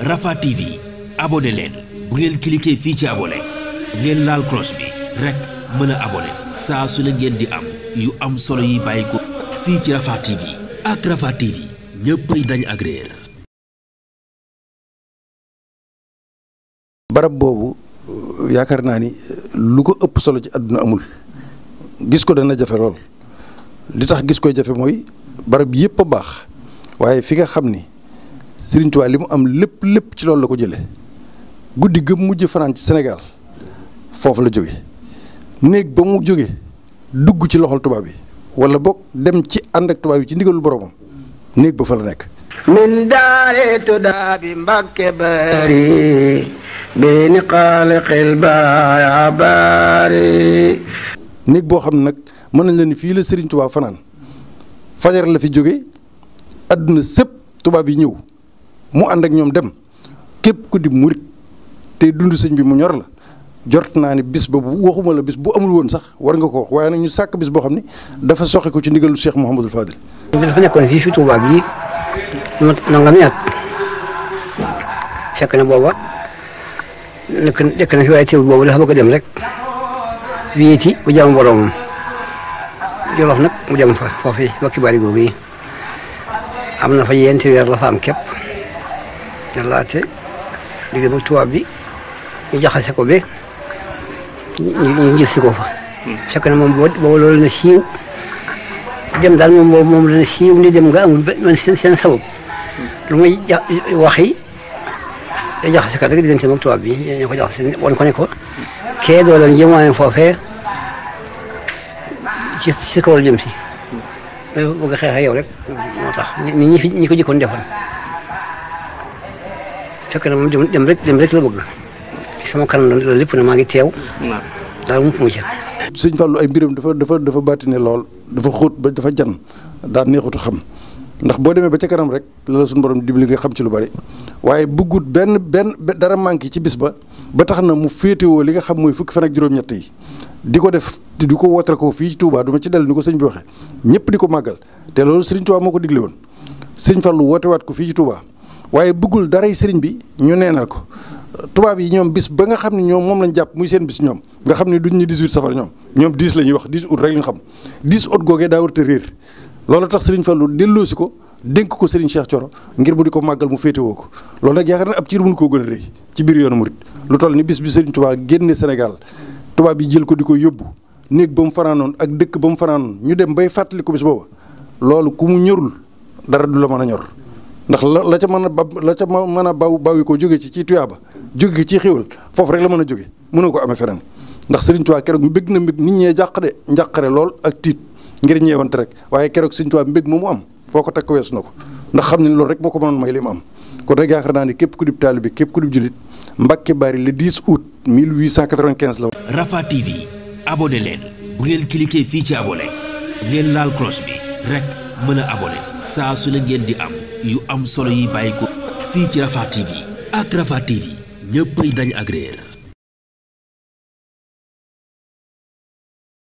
Rafah TV abonné leen bu ngeen cliquer fii ci abonné ngeen laal cloche bi rek mën a abonné saa su ne ngeen di am yu am solo yi bàyyi ko fii ci Rafah TV ak Rafah TV ñëppay dañ ak réer barab boobu euh, yaakaar naa ni euh, lu ko ëpp solo ci àdduna amul gis ko dana jafe lool li tax gis koy jafe mooy barab yépp a baax waaye fi nga xam ni Serigne Touba li mu am lépp lépp ci loolu la ko jële guddi gëm mujj fanaan ci Sénégal foofu la jóge néeg ba mu jóge dugg ci loxol tubaab bi wala boog dem ci ànd ak tubaab bi ci ndigalul boromam néeg ba fa la nekk. min daare tuddaa bi bari bi ni xaaliqil bari néeg boo xam ne nag mën nañ leen fii la Serigne Touba fanaan fajar la fi jóge àdduna sépp tubaab yi ñëw. mu ànd ak ñoom dem képp ku di murit te dund sëñ bi mu ñor la jot naa ni bis ba bu waxuma la bis bu amul woon sax war nga ko wax waaye nag ñu sàkk bis boo xam ne dafa soxe ko ci ndigalu Cheikh Mouhamadul Fadil. dafa nekkoon fii fi Touba gii nangami at fekk na booba nekk nekk na fi waaye teewul boobu dafa bëgg a dem rek wéeti bu jaamu boroomam Jolof nag mu dem fa foofii ba kibaari googu yi am na fa yéen weer la fa am kepp na laate digg bi ñu jaxase ko be ñu ngir si ko fa hmm. fekk na moom boobu loolu na siiw dem daal moom boobu moom dana siiw ni dem nga amul benn seen sabab hmm. lu muy wax yi day jaxase kat rek diggante moom tubaab bi ñoo ko jaxase woon ko ne ko hmm. kee doo waaye foofee ci si kaw la si bëgg xeex yow rek moo tax ñi ñi fi ñi ko jëkkoon defoon fekk na moom dem rek la bëgg sama kanam lépp na maa ngi teew. daal moom fu mu sëñ Fallou ay mbiram dafa dafa dafa bàttine lool dafa xóot ba dafa jan daal neexutu xam ndax boo demee ba ca kanam rek la la suñu borom dimbali nga xam ci lu bari waaye bëggut benn benn dara manqué ci bis ba ba tax na mu féetewoo li nga xam mooy fukki fan ak juróom-ñett yi di ko def di ko wootal ko fii ci Touba ci dellu ni ko sëñ bi waxee ñëpp di ko màggal te loolu Serigne Touba moo ko digle woon sëñ Fallou wootewaat ko fii ci Touba. waaye bëggul daray sëriñ bi ñu neenal ko tubaab yi ñoom bis ba nga xam ne ñoom moom lañu jàpp muy seen bis ñoom nga xam ne duñ ñu 18 safar ñoom ñoom 10 la ñuy wax 10 août rek la ñu xam 10 août googee daa warta réer loolu tax sëriñ Fallou delloosi ko dénk ko sëriñ Cheikh Thioro ngir bu di ko màggal mu féetewoo ko loolu nag yaakaar na ab ciir mënu koo gën a rëy ci biir yoonu murit lu toll ni bis bi sëriñ Touba génne Sénégal tubaab yi jël ko di ko yóbbu néeg ba mu fanaanoon ak dëkk ba mu fanaanoon ñu dem bay fàttali ko bis booba loolu ku mu ñorul dara du la mën a ñor ndax la la ca mën a ba la ca mën a baw bawi ko jóge ci ci tuyaaba jóge ci xéwal foofu rek la mën a jóge mënoo ko amee feneen ndax Serigne Touba keroog mbég na mbég nit ñee jàq de njàqare lool ak tiit ngir ñeewante rek waaye keroog Serigne Touba mbég mu am foo ko takk weesu na ko ndax xam ne loolu rek moo ko mënoon may li mu am kon rek yaakaar naa ni képp ku dib taalibe bi képp ku dib julit Mbacke Bari le 10 août 1895 la. Rafah TV abonné leen bu ngeen cliquer fii ci abonné ngeen laal cloche bi rek mën a su ne ngeen di am. yu am solo yi bàyyi ko fii ci Rafah TV ak Rafah TV ñëppay dañ agréer